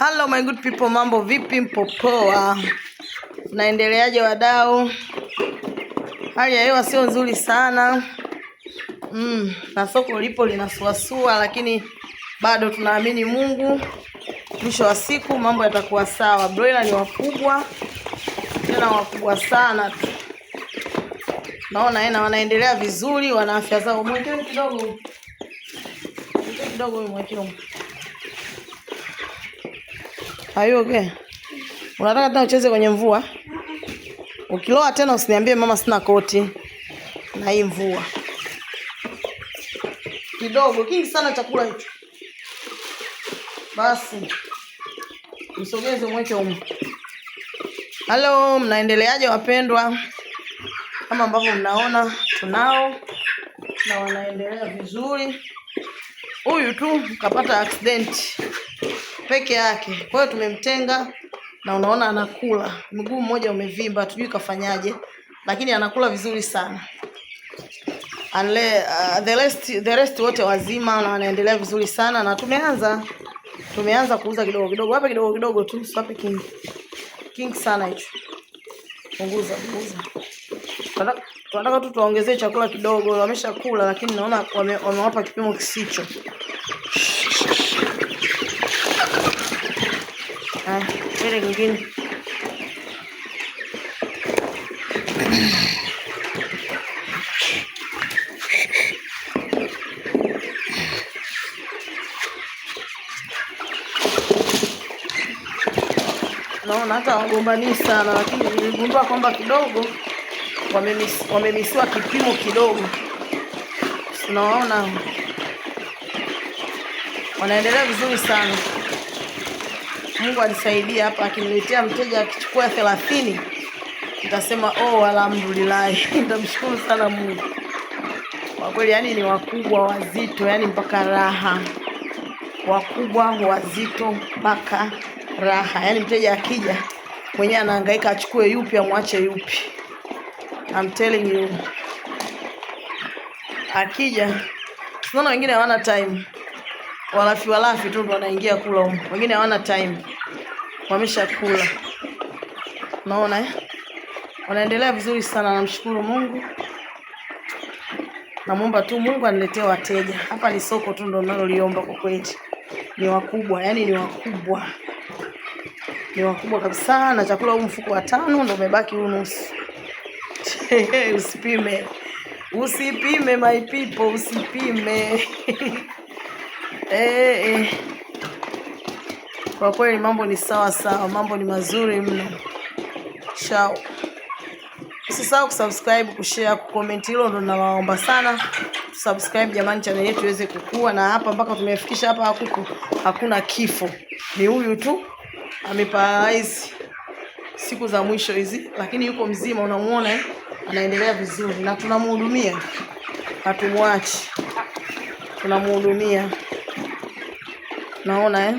Hello my good people, mambo vipi? Mpo poa? Naendeleaje wadau? Hali ya hewa sio nzuri sana mm, na soko lipo linasuasua, lakini bado tunaamini Mungu, mwisho wa siku mambo yatakuwa sawa. Broiler ni wakubwa tena wakubwa sana tu, naona ena wanaendelea vizuri, wana afya zao. Mwekee kidogo, kidogo, mwekee Haioge. Unataka tena ucheze kwenye mvua? Ukiloa tena usiniambie mama sina koti. Na hii mvua. Kidogo kingi sana chakula hicho. Basi. Msogeze mweke huko. Halo, mnaendeleaje wapendwa? Kama ambavyo mnaona tunao na wanaendelea vizuri. Huyu tu kapata accident peke yake. Kwa hiyo tumemtenga na unaona anakula, mguu mmoja umevimba, tujui kafanyaje, lakini anakula vizuri sana. Anle, uh, the rest the rest wote wazima na wanaendelea vizuri sana, na tumeanza tumeanza kuuza kidogo kidogo hapa kidogo kidogo tu, sape king king sana hicho. Punguza punguza, tunataka tu tuongezee chakula kidogo. Wameshakula, lakini naona wamewapa wame kipimo kisicho Haya, twende nyingine. Naona hata wagombanii sana, lakini niligundua kwamba kidogo wamemisiwa kipimo kidogo, tunawaona wanaendelea vizuri sana. Mungu alisaidia hapa, akiniletea mteja akichukua thelathini nitasema oh, alhamdulillah nitamshukuru sana Mungu kwa kweli. Yani ni wakubwa wazito, yani mpaka raha, wakubwa wazito mpaka raha. Yani mteja akija mwenyewe anahangaika achukue yupi amwache yupi. I'm telling you, akija, tunaona wengine hawana time walafi walafi tu ndo wanaingia kula huko, wengine hawana time, wamesha kula. Unaona eh? Wanaendelea vizuri sana, namshukuru Mungu. Namwomba tu Mungu aniletee wateja. Hapa ni soko tu ndo naloliomba kwa kweli, ni wakubwa, yani ni wakubwa, ni wakubwa kabisa. Na chakula huu mfuko wa tano ndo umebaki huu nusu. Usipime, usipime my people, usipime eh, eh. Kwa kweli mambo ni sawa sawa, mambo ni mazuri mno. Chao, usisahau kusubscribe, kushare, kucomment, hilo ndo nawaomba sana. Subscribe jamani, channel yetu iweze kukua, na hapa mpaka tumefikisha hapa, hakuko hakuna kifo, ni huyu tu ameparalyze siku za mwisho hizi, lakini yuko mzima, unamuona eh? Anaendelea vizuri na tunamhudumia, hatumwachi, tunamhudumia. 然后嘞